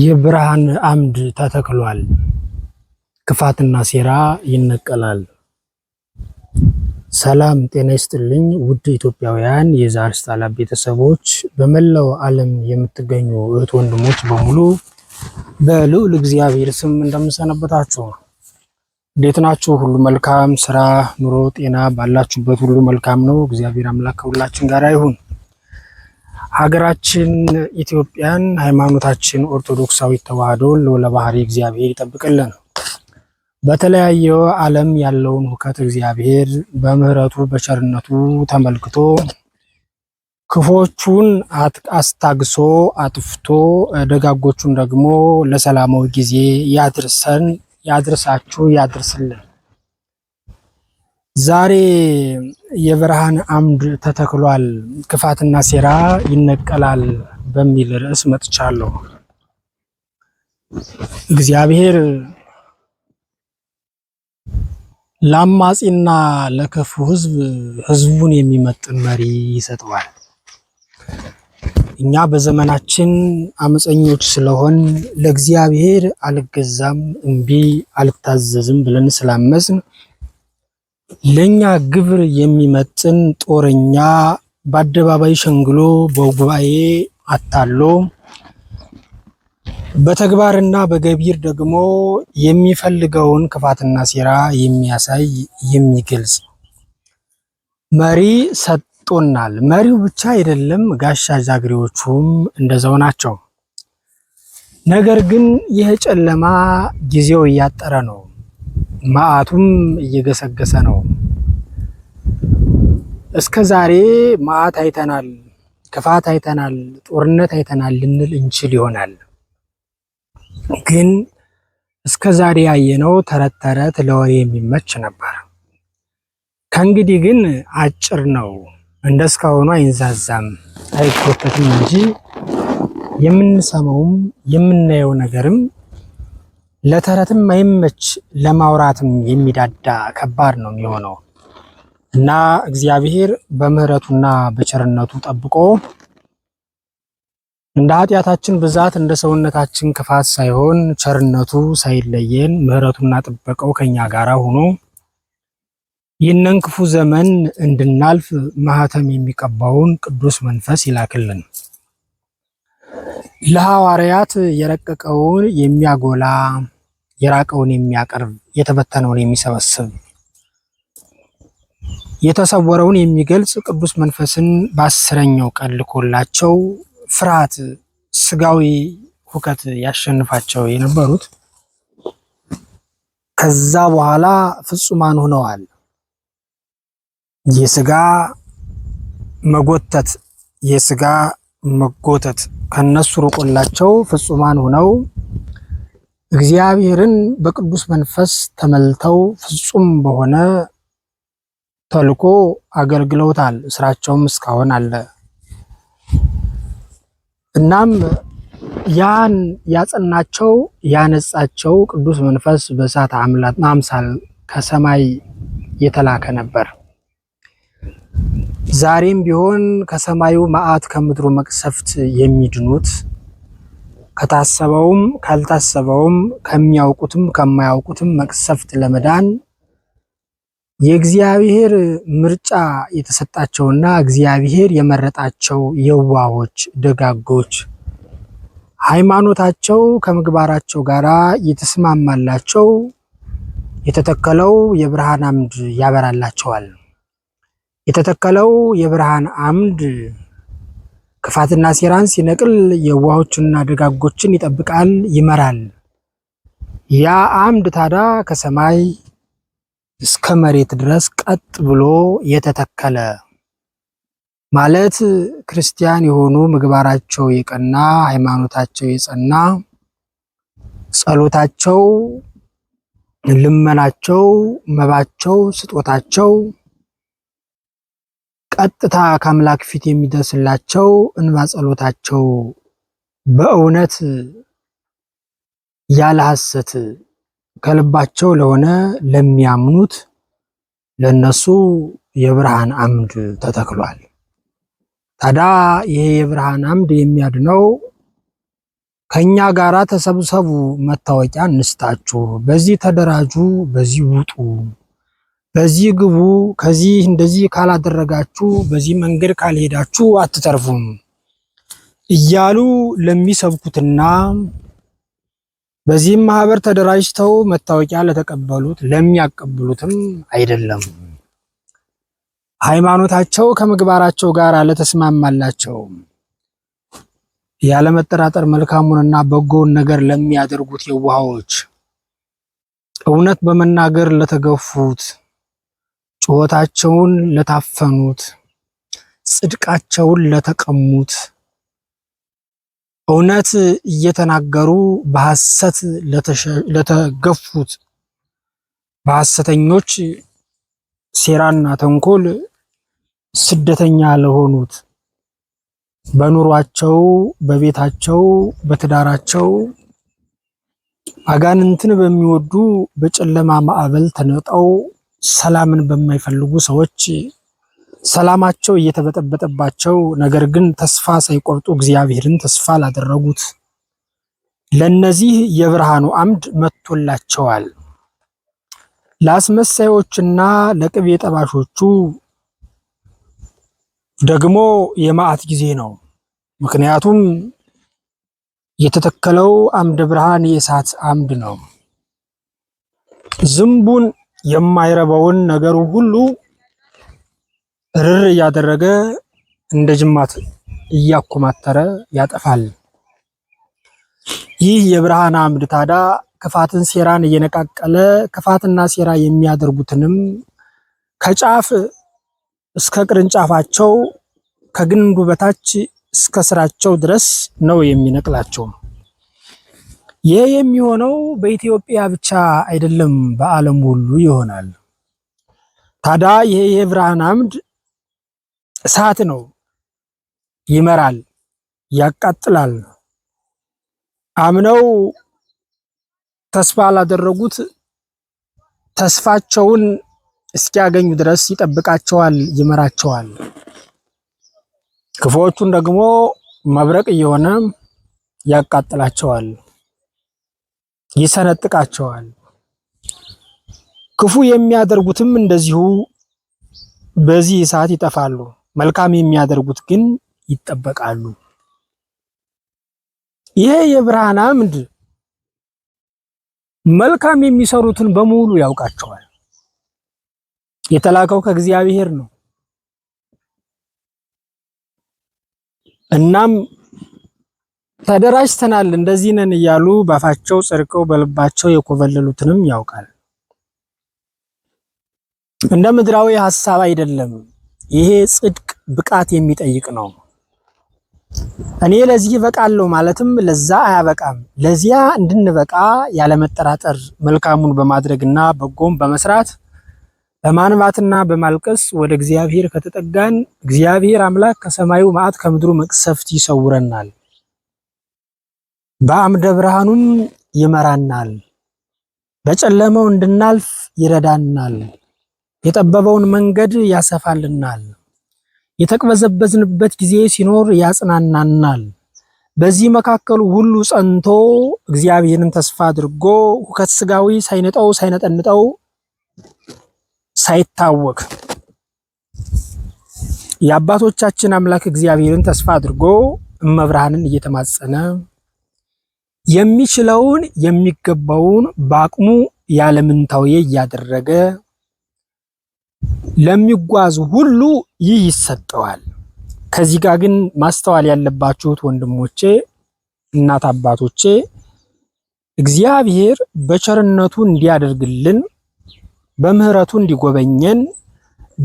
የብርሃን አምድ ተተክሏል። ክፋትና ሴራ ይነቀላል። ሰላም ጤና ይስጥልኝ ውድ ኢትዮጵያውያን የዛሬ ስታላ ቤተሰቦች በመላው ዓለም የምትገኙ እህት ወንድሞች በሙሉ በልዑል እግዚአብሔር ስም እንደምንሰነበታችሁ እንዴት ናችሁ? ሁሉ መልካም ስራ፣ ኑሮ፣ ጤና ባላችሁበት ሁሉ መልካም ነው። እግዚአብሔር አምላክ ከሁላችን ጋር ይሁን። ሀገራችን ኢትዮጵያን ሃይማኖታችን ኦርቶዶክሳዊ ተዋህዶን ልዑለ ባህሪ እግዚአብሔር ይጠብቅልን። በተለያየ ዓለም ያለውን ሁከት እግዚአብሔር በምሕረቱ በቸርነቱ ተመልክቶ ክፎቹን አስታግሶ አጥፍቶ ደጋጎቹን ደግሞ ለሰላማዊ ጊዜ ያድርሰን፣ ያድርሳችሁ፣ ያድርስልን። ዛሬ የብርሃን አምድ ተተክሏል፣ ክፋትና ሴራ ይነቀላል በሚል ርዕስ መጥቻለሁ። እግዚአብሔር ለአማጺና ለከፉ ህዝብ ህዝቡን የሚመጥን መሪ ይሰጠዋል። እኛ በዘመናችን አመፀኞች ስለሆን ለእግዚአብሔር አልገዛም፣ እምቢ አልታዘዝም ብለን ስላመስን ለኛ ግብር የሚመጥን ጦረኛ በአደባባይ ሸንግሎ በጉባኤ አታሎ በተግባርና በገቢር ደግሞ የሚፈልገውን ክፋትና ሴራ የሚያሳይ የሚገልጽ መሪ ሰጥቶናል። መሪው ብቻ አይደለም፣ ጋሻ ጃግሬዎቹም እንደዛው ናቸው። ነገር ግን ይህ ጨለማ ጊዜው እያጠረ ነው። መዓቱም እየገሰገሰ ነው። እስከ ዛሬ መዓት አይተናል፣ ክፋት አይተናል፣ ጦርነት አይተናል ልንል እንችል ይሆናል። ግን እስከ ዛሬ ያየነው ተረት ተረት ለወሬ የሚመች ነበር። ከእንግዲህ ግን አጭር ነው፣ እንደ እስካሁኑ አይንዛዛም፣ አይኮተትም እንጂ የምንሰማውም የምናየው ነገርም ለተረትም አይመች ለማውራትም የሚዳዳ ከባድ ነው የሚሆነው እና እግዚአብሔር በምህረቱና በቸርነቱ ጠብቆ እንደ ኃጢአታችን ብዛት እንደ ሰውነታችን ክፋት ሳይሆን ቸርነቱ ሳይለየን ምህረቱና ጥበቃው ከኛ ጋር ሆኖ ይህንን ክፉ ዘመን እንድናልፍ ማህተም የሚቀባውን ቅዱስ መንፈስ ይላክልን። ለሐዋርያት የረቀቀውን የሚያጎላ የራቀውን የሚያቀርብ የተበተነውን የሚሰበስብ የተሰወረውን የሚገልጽ ቅዱስ መንፈስን በአስረኛው ቀን ልኮላቸው ፍርሃት፣ ስጋዊ ሁከት ያሸንፋቸው የነበሩት ከዛ በኋላ ፍጹማን ሆነዋል። የስጋ መጎተት የስጋ መጎተት ከነሱ ርቆላቸው ፍጹማን ሆነው እግዚአብሔርን በቅዱስ መንፈስ ተመልተው ፍጹም በሆነ ተልኮ አገልግለውታል። ስራቸውም እስካሁን አለ። እናም ያን ያጸናቸው ያነጻቸው ቅዱስ መንፈስ በእሳት አምሳል ከሰማይ የተላከ ነበር። ዛሬም ቢሆን ከሰማዩ መዓት ከምድሩ መቅሰፍት የሚድኑት ከታሰበውም ካልታሰበውም ከሚያውቁትም ከማያውቁትም መቅሰፍት ለመዳን የእግዚአብሔር ምርጫ የተሰጣቸውና እግዚአብሔር የመረጣቸው የዋሆች ደጋጎች ሃይማኖታቸው ከምግባራቸው ጋር የተስማማላቸው የተተከለው የብርሃን አምድ ያበራላቸዋል። የተተከለው የብርሃን አምድ ክፋትና ሴራን ሲነቅል የዋሆችንና ደጋጎችን ይጠብቃል፣ ይመራል። ያ አምድ ታዲያ ከሰማይ እስከ መሬት ድረስ ቀጥ ብሎ የተተከለ ማለት ክርስቲያን የሆኑ ምግባራቸው የቀና ሃይማኖታቸው የጸና ጸሎታቸው፣ ልመናቸው፣ መባቸው፣ ስጦታቸው ቀጥታ ከአምላክ ፊት የሚደርስላቸው እንባ ጸሎታቸው በእውነት ያለ ሐሰት ከልባቸው ለሆነ ለሚያምኑት ለነሱ የብርሃን አምድ ተተክሏል። ታዲያ ይሄ የብርሃን አምድ የሚያድነው ከኛ ጋራ ተሰብሰቡ፣ መታወቂያ እንስጣችሁ፣ በዚህ ተደራጁ፣ በዚህ ውጡ በዚህ ግቡ፣ ከዚህ እንደዚህ ካላደረጋችሁ፣ በዚህ መንገድ ካልሄዳችሁ አትተርፉም እያሉ ለሚሰብኩትና በዚህም ማህበር ተደራጅተው መታወቂያ ለተቀበሉት ለሚያቀብሉትም አይደለም ሃይማኖታቸው ከምግባራቸው ጋር ለተስማማላቸው ያለመጠራጠር መልካሙንና በጎውን ነገር ለሚያደርጉት የዋሃዎች እውነት በመናገር ለተገፉት ጩኸታቸውን ለታፈኑት፣ ጽድቃቸውን ለተቀሙት፣ እውነት እየተናገሩ በሐሰት ለተገፉት፣ በሐሰተኞች ሴራና ተንኮል ስደተኛ ለሆኑት በኑሯቸው፣ በቤታቸው፣ በትዳራቸው አጋንንትን በሚወዱ በጨለማ ማዕበል ተነጠው ሰላምን በማይፈልጉ ሰዎች ሰላማቸው እየተበጠበጠባቸው ነገር ግን ተስፋ ሳይቆርጡ እግዚአብሔርን ተስፋ ላደረጉት ለነዚህ የብርሃኑ አምድ መጥቶላቸዋል። ለአስመሳዮችና ለቅቤ ጠባሾቹ ደግሞ የመዓት ጊዜ ነው። ምክንያቱም የተተከለው አምደ ብርሃን የእሳት አምድ ነው። ዝንቡን የማይረባውን ነገሩ ሁሉ ርር እያደረገ እንደ ጅማት እያኮማተረ ያጠፋል። ይህ የብርሃን አምድ ታዳ ክፋትን፣ ሴራን እየነቃቀለ ክፋትና ሴራ የሚያደርጉትንም ከጫፍ እስከ ቅርንጫፋቸው ከግንዱ በታች እስከ ስራቸው ድረስ ነው የሚነቅላቸው። ይህ የሚሆነው በኢትዮጵያ ብቻ አይደለም፣ በዓለም ሁሉ ይሆናል። ታዲያ ይሄ የብርሃን አምድ እሳት ነው፣ ይመራል፣ ያቃጥላል። አምነው ተስፋ ላደረጉት ተስፋቸውን እስኪያገኙ ድረስ ይጠብቃቸዋል፣ ይመራቸዋል። ክፉዎቹን ደግሞ መብረቅ እየሆነ ያቃጥላቸዋል። ይሰነጥቃቸዋል። ክፉ የሚያደርጉትም እንደዚሁ በዚህ እሳት ይጠፋሉ። መልካም የሚያደርጉት ግን ይጠበቃሉ። ይሄ የብርሃን አምድ መልካም የሚሰሩትን በሙሉ ያውቃቸዋል። የተላከው ከእግዚአብሔር ነው። እናም ተደራጅተናል እንደዚህ ነን እያሉ ባፋቸው ጸድቀው በልባቸው የኮበለሉትንም ያውቃል። እንደ ምድራዊ ሐሳብ አይደለም። ይሄ ጽድቅ ብቃት የሚጠይቅ ነው። እኔ ለዚህ እበቃለሁ ማለትም ለዛ አያበቃም። ለዚያ እንድንበቃ ያለመጠራጠር መልካሙን በማድረግና በጎም በመስራት በማንባትና በማልቀስ ወደ እግዚአብሔር ከተጠጋን እግዚአብሔር አምላክ ከሰማዩ መዓት ከምድሩ መቅሰፍት ይሰውረናል። በአምደ ብርሃኑም ይመራናል፣ በጨለመው እንድናልፍ ይረዳናል፣ የጠበበውን መንገድ ያሰፋልናል፣ የተቅበዘበዝንበት ጊዜ ሲኖር ያጽናናናል። በዚህ መካከል ሁሉ ጸንቶ እግዚአብሔርን ተስፋ አድርጎ ሁከት ስጋዊ ሳይነጠው ሳይነጠንጠው ሳይታወክ የአባቶቻችን አምላክ እግዚአብሔርን ተስፋ አድርጎ እመብርሃንን እየተማጸነ የሚችለውን የሚገባውን በአቅሙ ያለምንታውዬ እያደረገ ለሚጓዙ ሁሉ ይህ ይሰጠዋል። ከዚህ ጋር ግን ማስተዋል ያለባችሁት ወንድሞቼ፣ እናት አባቶቼ እግዚአብሔር በቸርነቱ እንዲያደርግልን በምህረቱ እንዲጎበኘን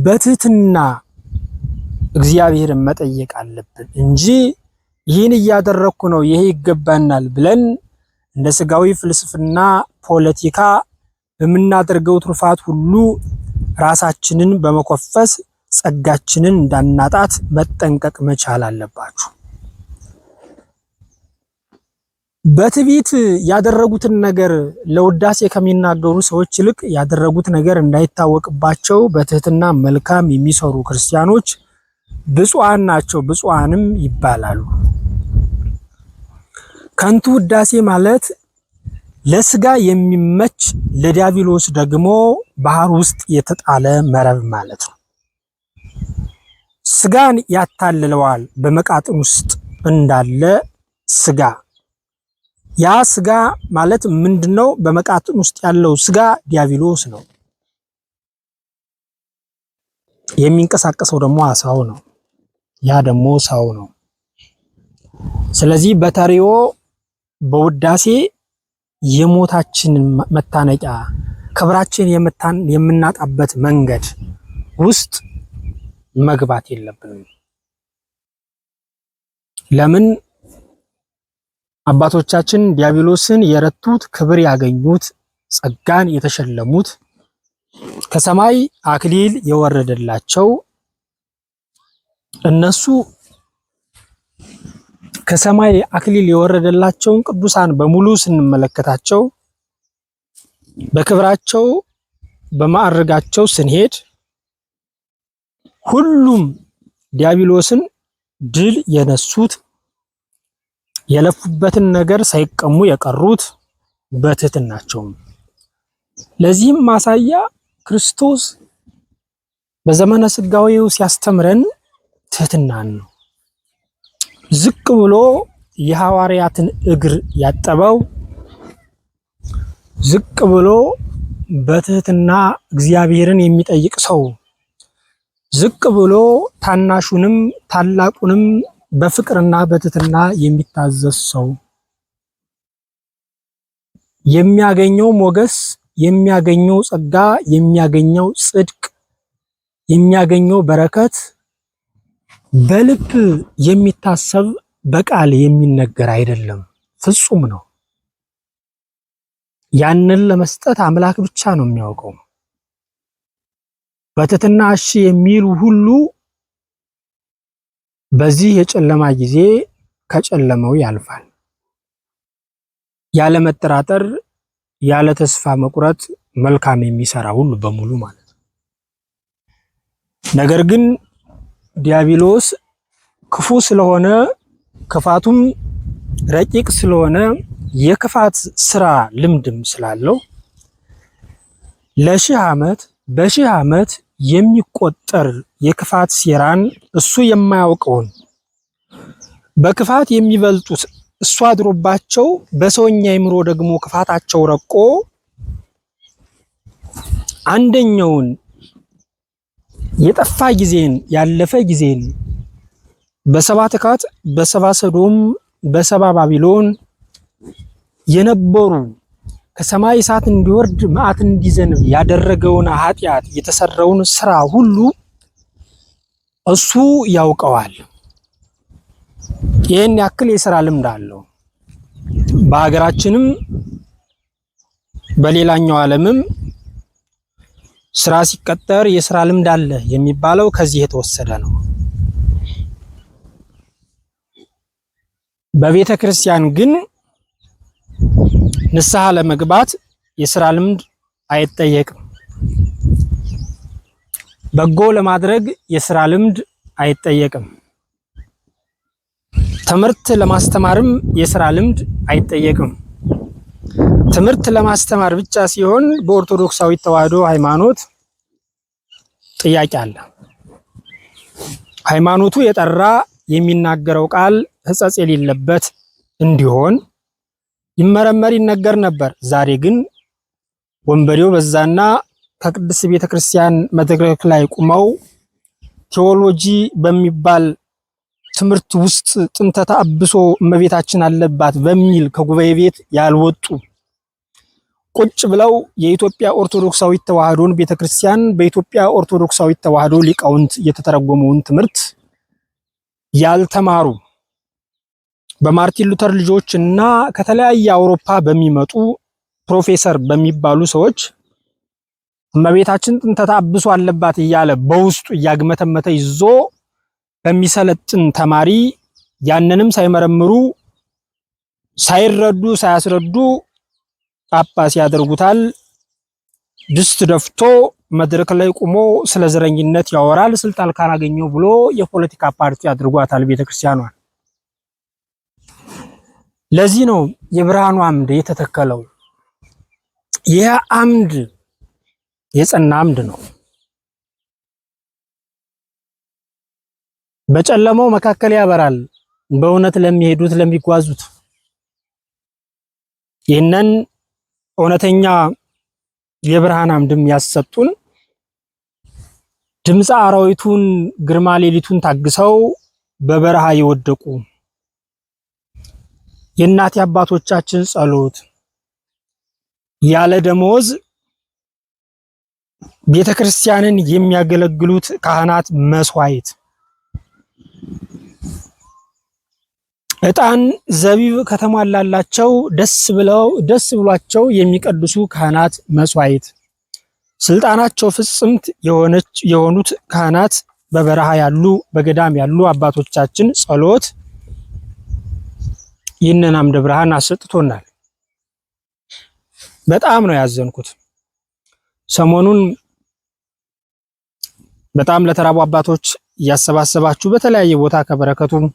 በትህትና እግዚአብሔርን መጠየቅ አለብን እንጂ ይህን እያደረግኩ ነው፣ ይሄ ይገባናል ብለን እንደ ስጋዊ ፍልስፍና ፖለቲካ በምናደርገው ትሩፋት ሁሉ ራሳችንን በመኮፈስ ጸጋችንን እንዳናጣት መጠንቀቅ መቻል አለባችሁ። በትዕቢት ያደረጉትን ነገር ለውዳሴ ከሚናገሩ ሰዎች ይልቅ ያደረጉት ነገር እንዳይታወቅባቸው በትህትና መልካም የሚሰሩ ክርስቲያኖች ብፁዓን ናቸው፣ ብፁዓንም ይባላሉ። ከንቱ ውዳሴ ማለት ለስጋ የሚመች ለዲያብሎስ ደግሞ ባህር ውስጥ የተጣለ መረብ ማለት ነው። ስጋን ያታልለዋል። በመቃጥን ውስጥ እንዳለ ስጋ ያ ስጋ ማለት ምንድነው? በመቃጥን ውስጥ ያለው ስጋ ዲያብሎስ ነው። የሚንቀሳቀሰው ደግሞ አሳው ነው። ያ ደግሞ ሰው ነው። ስለዚህ በተሪዮ በውዳሴ የሞታችንን መታነቂያ ክብራችን የምናጣበት መንገድ ውስጥ መግባት የለብንም። ለምን አባቶቻችን ዲያብሎስን የረቱት ክብር ያገኙት ጸጋን የተሸለሙት ከሰማይ አክሊል የወረደላቸው እነሱ ከሰማይ አክሊል የወረደላቸውን ቅዱሳን በሙሉ ስንመለከታቸው በክብራቸው በማዕርጋቸው ስንሄድ ሁሉም ዲያብሎስን ድል የነሱት የለፉበትን ነገር ሳይቀሙ የቀሩት በትህትናቸው። ለዚህም ማሳያ ክርስቶስ በዘመነ ስጋዊው ሲያስተምረን ትህትናን ነው። ዝቅ ብሎ የሐዋርያትን እግር ያጠበው ዝቅ ብሎ በትህትና እግዚአብሔርን የሚጠይቅ ሰው ዝቅ ብሎ ታናሹንም ታላቁንም በፍቅርና በትህትና የሚታዘዝ ሰው የሚያገኘው ሞገስ የሚያገኘው ጸጋ የሚያገኘው ጽድቅ የሚያገኘው በረከት በልብ የሚታሰብ በቃል የሚነገር አይደለም፣ ፍጹም ነው። ያንን ለመስጠት አምላክ ብቻ ነው የሚያውቀው። በትትና እሺ የሚሉ ሁሉ በዚህ የጨለማ ጊዜ ከጨለመው ያልፋል። ያለ መጠራጠር፣ ያለ ተስፋ መቁረጥ መልካም የሚሰራ ሁሉ በሙሉ ማለት ነው። ነገር ግን ዲያብሎስ ክፉ ስለሆነ ክፋቱም ረቂቅ ስለሆነ የክፋት ስራ ልምድም ስላለው ለሺህ ዓመት በሺህ ዓመት የሚቆጠር የክፋት ሴራን እሱ የማያውቀውን በክፋት የሚበልጡት እሱ አድሮባቸው በሰውኛ አይምሮ ደግሞ ክፋታቸው ረቆ አንደኛውን የጠፋ ጊዜን ያለፈ ጊዜን በሰባ ትካት በሰባ ሰዶም በሰባ ባቢሎን የነበሩ ከሰማይ እሳት እንዲወርድ መዓት እንዲዘንብ ያደረገውን ኃጢአት የተሰራውን ስራ ሁሉ እሱ ያውቀዋል። ይህን ያክል የስራ ልምድ አለው። በሀገራችንም በሌላኛው ዓለምም ስራ ሲቀጠር የስራ ልምድ አለ የሚባለው ከዚህ የተወሰደ ነው። በቤተ ክርስቲያን ግን ንስሐ ለመግባት የስራ ልምድ አይጠየቅም። በጎ ለማድረግ የስራ ልምድ አይጠየቅም። ትምህርት ለማስተማርም የስራ ልምድ አይጠየቅም። ትምህርት ለማስተማር ብቻ ሲሆን በኦርቶዶክሳዊ ተዋህዶ ሃይማኖት ጥያቄ አለ። ሃይማኖቱ የጠራ የሚናገረው ቃል ሕጸጽ የሌለበት እንዲሆን ይመረመር ይነገር ነበር። ዛሬ ግን ወንበዴው በዛና ከቅድስ ቤተ ክርስቲያን መድረክ ላይ ቁመው ቴዎሎጂ በሚባል ትምህርት ውስጥ ጥንተ ተአብሶ እመቤታችን አለባት በሚል ከጉባኤ ቤት ያልወጡ ቁጭ ብለው የኢትዮጵያ ኦርቶዶክሳዊት ተዋሕዶን ቤተክርስቲያን በኢትዮጵያ ኦርቶዶክሳዊት ተዋህዶ ሊቃውንት የተተረጎመውን ትምህርት ያልተማሩ በማርቲን ሉተር ልጆች እና ከተለያየ አውሮፓ በሚመጡ ፕሮፌሰር በሚባሉ ሰዎች እመቤታችን ጥንተ ተአብሶ አለባት እያለ በውስጡ እያግመተመተ ይዞ በሚሰለጥን ተማሪ ያንንም ሳይመረምሩ ሳይረዱ ሳያስረዱ ጳጳስ ያደርጉታል። ድስት ደፍቶ መድረክ ላይ ቆሞ ስለ ዘረኝነት ያወራል። ስልጣን ካላገኘው ብሎ የፖለቲካ ፓርቲ አድርጓታል ቤተክርስቲያኗን። ለዚህ ነው የብርሃኑ አምድ የተተከለው። ይህ አምድ የጸና አምድ ነው። በጨለማው መካከል ያበራል፣ በእውነት ለሚሄዱት ለሚጓዙት ይህንን እውነተኛ የብርሃን አምድም ያሰጡን ድምፀ አራዊቱን ግርማ ሌሊቱን ታግሰው በበረሃ የወደቁ የእናት አባቶቻችን ጸሎት ያለ ደሞዝ ቤተክርስቲያንን የሚያገለግሉት ካህናት መስዋዕት እጣን ዘቢብ ከተሟላላቸው ደስ ብለው ደስ ብሏቸው የሚቀድሱ ካህናት መስዋዕት ስልጣናቸው ፍጽምት የሆነች የሆኑት ካህናት በበረሃ ያሉ በገዳም ያሉ አባቶቻችን ጸሎት ይህንን አምደ ብርሃን አሰጥቶናል። በጣም ነው ያዘንኩት። ሰሞኑን በጣም ለተራቡ አባቶች እያሰባሰባችሁ በተለያየ ቦታ ከበረከቱም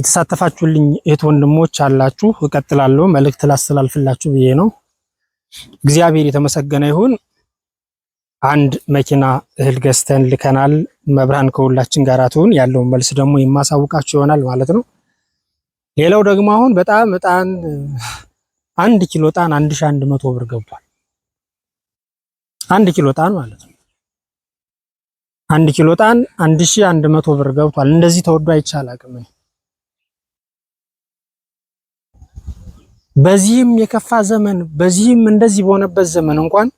የተሳተፋችሁልኝ እህት ወንድሞች አላችሁ፣ እቀጥላለሁ መልእክት ላስተላልፍላችሁ ብዬ ነው። እግዚአብሔር የተመሰገነ ይሁን። አንድ መኪና እህል ገዝተን ልከናል። መብርሃን ከሁላችን ጋር ትሁን። ያለውን መልስ ደግሞ የማሳውቃችሁ ይሆናል ማለት ነው። ሌላው ደግሞ አሁን በጣም እጣን አንድ ኪሎ እጣን አንድ ሺህ አንድ መቶ ብር ገብቷል። አንድ ኪሎ እጣን ማለት ነው። አንድ ኪሎ እጣን አንድ ሺህ አንድ መቶ ብር ገብቷል። እንደዚህ ተወዶ አይቻል አቅም በዚህም የከፋ ዘመን በዚህም እንደዚህ በሆነበት ዘመን እንኳን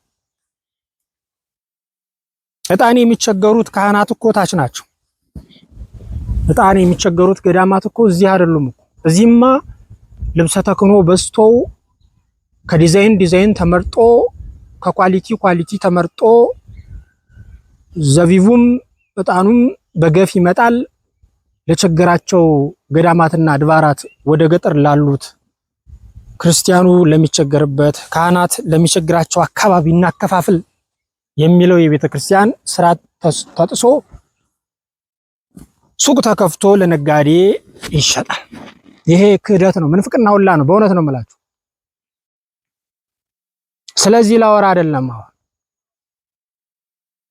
እጣን የሚቸገሩት ካህናት እኮ ታች ናቸው። እጣን የሚቸገሩት ገዳማት እኮ እዚህ አይደሉም እኮ። እዚህማ ልብሰ ተክኖ በዝቶ ከዲዛይን ዲዛይን ተመርጦ ከኳሊቲ ኳሊቲ ተመርጦ ዘቢቡም እጣኑም በገፍ ይመጣል። ለችግራቸው ገዳማትና ድባራት ወደ ገጠር ላሉት ክርስቲያኑ ለሚቸገርበት፣ ካህናት ለሚቸግራቸው አካባቢ እናከፋፍል የሚለው የቤተ ክርስቲያን ስርዓት ተጥሶ ሱቅ ተከፍቶ ለነጋዴ ይሸጣል። ይሄ ክህደት ነው፣ ምንፍቅና ሁላ ነው። በእውነት ነው የምላችሁ። ስለዚህ ላወራ አይደለም አሁን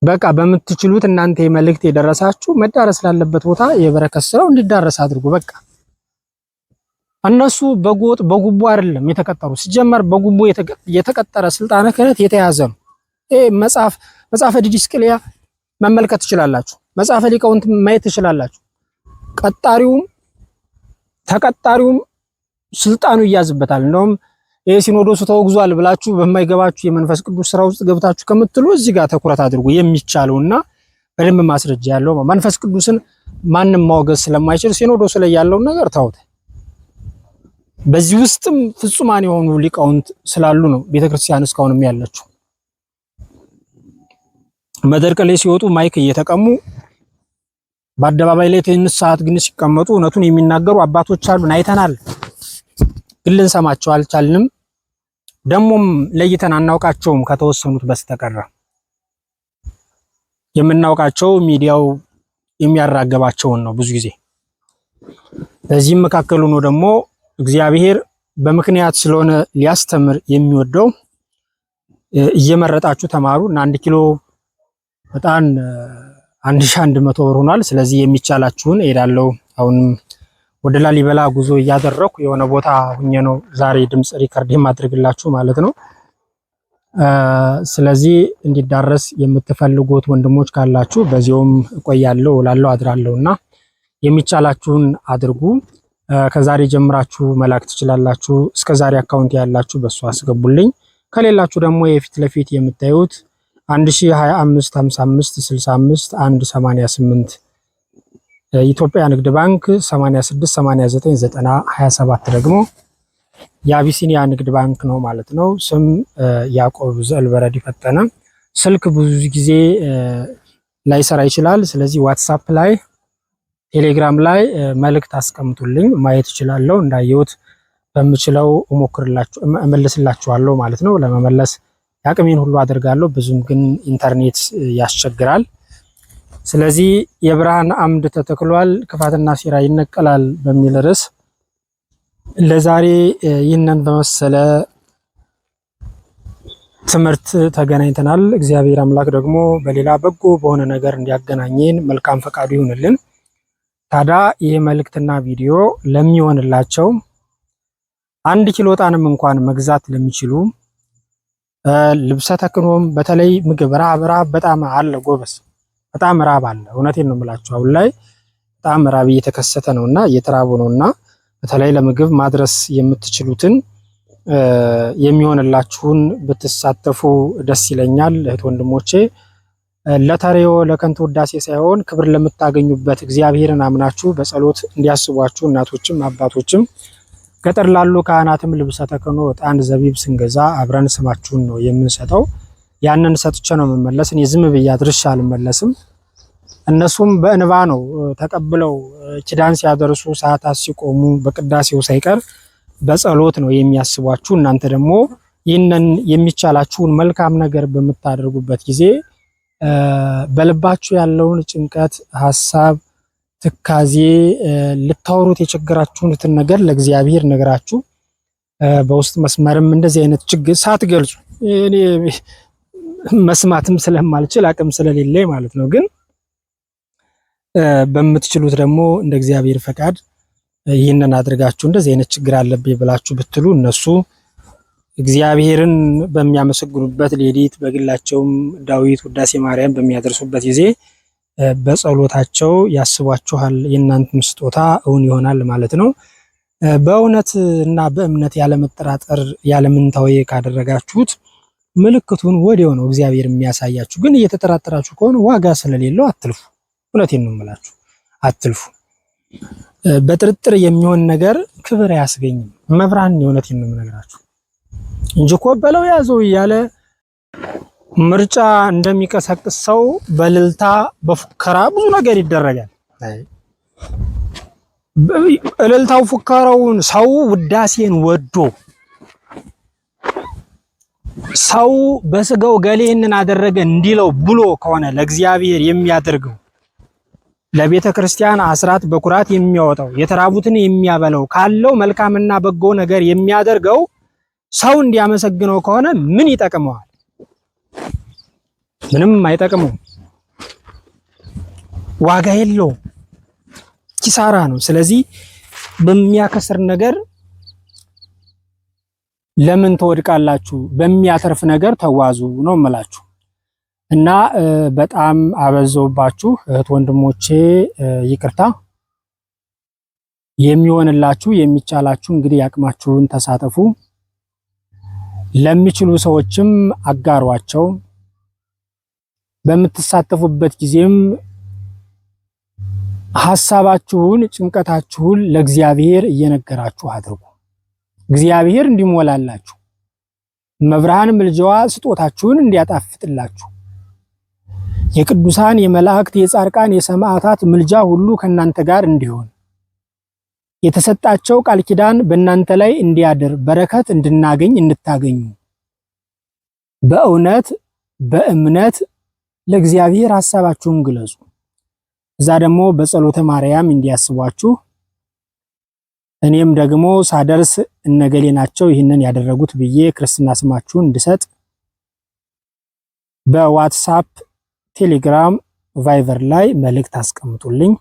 በቃ በምትችሉት እናንተ የመልእክት የደረሳችሁ መዳረስ ላለበት ቦታ የበረከት ስራው እንዲዳረስ አድርጉ። በቃ እነሱ በጎጥ በጉቦ አይደለም የተቀጠሩ። ሲጀመር በጉቦ የተቀጠረ ስልጣነ ክህነት የተያዘ ነው። ይሄ መጽሐፍ መጽሐፈ ዲድስቅልያ መመልከት ትችላላችሁ። መጽሐፈ ሊቃውንት ማየት ትችላላችሁ። ቀጣሪውም ተቀጣሪውም ስልጣኑ ይያዝበታል። እንደውም ይሄ ሲኖዶሱ ተወግዟል ብላችሁ በማይገባችሁ የመንፈስ ቅዱስ ስራ ውስጥ ገብታችሁ ከምትሉ እዚህ ጋር ትኩረት አድርጎ የሚቻለውና በደንብ ማስረጃ ያለው መንፈስ ቅዱስን ማንም ማወገዝ ስለማይችል ሲኖዶሱ ላይ ያለውን ነገር ታውት በዚህ ውስጥም ፍጹማን የሆኑ ሊቃውንት ስላሉ ነው ቤተክርስቲያን እስካሁንም ያለችው። መድረክ ላይ ሲወጡ ማይክ እየተቀሙ በአደባባይ ላይ ትንሽ ሰዓት ግን ሲቀመጡ እውነቱን የሚናገሩ አባቶች አሉን፣ አይተናል። ግን ልንሰማቸው አልቻልንም። ደግሞም ለይተን አናውቃቸውም ከተወሰኑት በስተቀረ የምናውቃቸው ሚዲያው የሚያራገባቸውን ነው ብዙ ጊዜ። በዚህም መካከል ሆኖ ደግሞ እግዚአብሔር በምክንያት ስለሆነ ሊያስተምር የሚወደው እየመረጣችሁ ተማሩ እና አንድ ኪሎ በጣም አንድ ሺህ አንድ መቶ ብር ሆኗል። ስለዚህ የሚቻላችሁን እሄዳለሁ። አሁንም ወደ ላሊበላ ጉዞ እያደረኩ የሆነ ቦታ ሁኜ ነው ዛሬ ድምፅ ሪከርድ የማድረግላችሁ ማለት ነው። ስለዚህ እንዲዳረስ የምትፈልጉት ወንድሞች ካላችሁ በዚሁም እቆያለሁ ላለው አድራለሁ እና የሚቻላችሁን አድርጉ። ከዛሬ ጀምራችሁ መላክ ትችላላችሁ። እስከ ዛሬ አካውንት ያላችሁ በሱ አስገቡልኝ። ከሌላችሁ ደግሞ የፊት ለፊት የምታዩት 1025 ኢትዮጵያ የኢትዮጵያ ንግድ ባንክ 8689927 ደግሞ የአቢሲኒያ ንግድ ባንክ ነው ማለት ነው። ስም ያዕቆብ ዘልበረድ ፈጠነ። ስልክ ብዙ ጊዜ ላይሰራ ይችላል። ስለዚህ ዋትሳፕ ላይ ቴሌግራም ላይ መልእክት አስቀምጡልኝ ማየት እችላለሁ። እንዳየሁት በምችለው እሞክርላችሁ እመልስላችኋለሁ ማለት ነው። ለመመለስ ያቅሜን ሁሉ አድርጋለሁ። ብዙም ግን ኢንተርኔት ያስቸግራል። ስለዚህ የብርሃን አምድ ተተክሏል፣ ክፋትና ሴራ ይነቀላል በሚል ርዕስ ለዛሬ ይህንን በመሰለ ትምህርት ተገናኝተናል። እግዚአብሔር አምላክ ደግሞ በሌላ በጎ በሆነ ነገር እንዲያገናኘን መልካም ፈቃዱ ይሁንልን። ታዲያ ይህ መልእክትና ቪዲዮ ለሚሆንላቸው አንድ ኪሎ ጣንም እንኳን መግዛት ለሚችሉ ልብሰ ተክኖም በተለይ ምግብ ራብ ራብ በጣም አለ ጎበስ፣ በጣም ራብ አለ። እውነቴን ነው የምላችሁ አሁን ላይ በጣም ራብ እየተከሰተ ነውና እየተራቡ ነውና በተለይ ለምግብ ማድረስ የምትችሉትን የሚሆንላችሁን ብትሳተፉ ደስ ይለኛል እህት ወንድሞቼ። ለተሬዎ ለከንቱ ውዳሴ ሳይሆን ክብር ለምታገኙበት እግዚአብሔርን አምናችሁ በጸሎት እንዲያስቧችሁ እናቶችም አባቶችም ገጠር ላሉ ካህናትም ልብሰ ተክህኖ፣ ዕጣን፣ ዘቢብ ስንገዛ አብረን ስማችሁን ነው የምንሰጠው። ያንን ሰጥቼ ነው የምመለስ። እኔ ዝም ብዬ አድርሻ አልመለስም። እነሱም በእንባ ነው ተቀብለው ኪዳን ሲያደርሱ ሰዓታት ሲቆሙ በቅዳሴው ሳይቀር በጸሎት ነው የሚያስቧችሁ። እናንተ ደግሞ ይህንን የሚቻላችሁን መልካም ነገር በምታደርጉበት ጊዜ በልባችሁ ያለውን ጭንቀት፣ ሀሳብ፣ ትካዜ ልታወሩት የቸገራችሁትን ነገር ለእግዚአብሔር ነግራችሁ በውስጥ መስመርም እንደዚህ አይነት ችግር ሳትገልጹ እኔ መስማትም ስለማልችል አቅም ስለሌለ ማለት ነው። ግን በምትችሉት ደግሞ እንደ እግዚአብሔር ፈቃድ ይህንን አድርጋችሁ እንደዚህ አይነት ችግር አለብኝ ብላችሁ ብትሉ እነሱ እግዚአብሔርን በሚያመሰግኑበት ሌሊት በግላቸውም ዳዊት ውዳሴ ማርያም በሚያደርሱበት ጊዜ በጸሎታቸው ያስቧችኋል፣ የእናንተም ስጦታ እውን ይሆናል ማለት ነው። በእውነት እና በእምነት ያለመጠራጠር ያለምንታዊ ካደረጋችሁት ምልክቱን ወዲያው ነው እግዚአብሔር የሚያሳያችሁ። ግን እየተጠራጠራችሁ ከሆነ ዋጋ ስለሌለው አትልፉ። እውነቴን ነው የምላችሁ፣ አትልፉ። በጥርጥር የሚሆን ነገር ክብር አያስገኝም። መብራን የእውነቴን ነው የምነግራችሁ እንጂ በለው ያዘው እያለ ምርጫ እንደሚቀሰቅስ ሰው በልልታ በፉከራ ብዙ ነገር ይደረጋል። እልልታው ፉከራውን ሰው ውዳሴን ወዶ ሰው በስጋው ገሌ ይህንን አደረገ እንዲለው ብሎ ከሆነ ለእግዚአብሔር የሚያደርገው ለቤተ ክርስቲያን አስራት በኩራት የሚያወጣው የተራቡትን የሚያበላው ካለው መልካምና በጎ ነገር የሚያደርገው ሰው እንዲያመሰግነው ከሆነ ምን ይጠቅመዋል? ምንም አይጠቅመውም። ዋጋ የለውም። ኪሳራ ነው። ስለዚህ በሚያከስር ነገር ለምን ትወድቃላችሁ? በሚያተርፍ ነገር ተዋዙ ነው የምላችሁ። እና በጣም አበዘውባችሁ እህት ወንድሞቼ፣ ይቅርታ። የሚሆንላችሁ የሚቻላችሁ እንግዲህ ያቅማችሁን ተሳተፉ። ለሚችሉ ሰዎችም አጋሯቸው። በምትሳተፉበት ጊዜም ሐሳባችሁን፣ ጭንቀታችሁን ለእግዚአብሔር እየነገራችሁ አድርጉ። እግዚአብሔር እንዲሞላላችሁ መብርሃን ምልጃዋ ስጦታችሁን እንዲያጣፍጥላችሁ የቅዱሳን የመላእክት፣ የጻድቃን፣ የሰማዕታት ምልጃ ሁሉ ከእናንተ ጋር እንዲሆን የተሰጣቸው ቃል ኪዳን በእናንተ ላይ እንዲያድር በረከት እንድናገኝ እንድታገኙ በእውነት በእምነት ለእግዚአብሔር ሐሳባችሁን ግለጹ። እዛ ደግሞ በጸሎተ ማርያም እንዲያስቧችሁ እኔም ደግሞ ሳደርስ እነገሌ ናቸው ይህንን ያደረጉት ብዬ ክርስትና ስማችሁን እንድሰጥ በዋትሳፕ ቴሌግራም፣ ቫይቨር ላይ መልእክት አስቀምጡልኝ።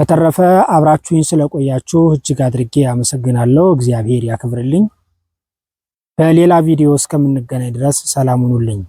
በተረፈ አብራችሁኝ ስለቆያችሁ እጅግ አድርጌ አመሰግናለሁ። እግዚአብሔር ያክብርልኝ። በሌላ ቪዲዮ እስከምንገናኝ ድረስ ሰላም ሁኑልኝ።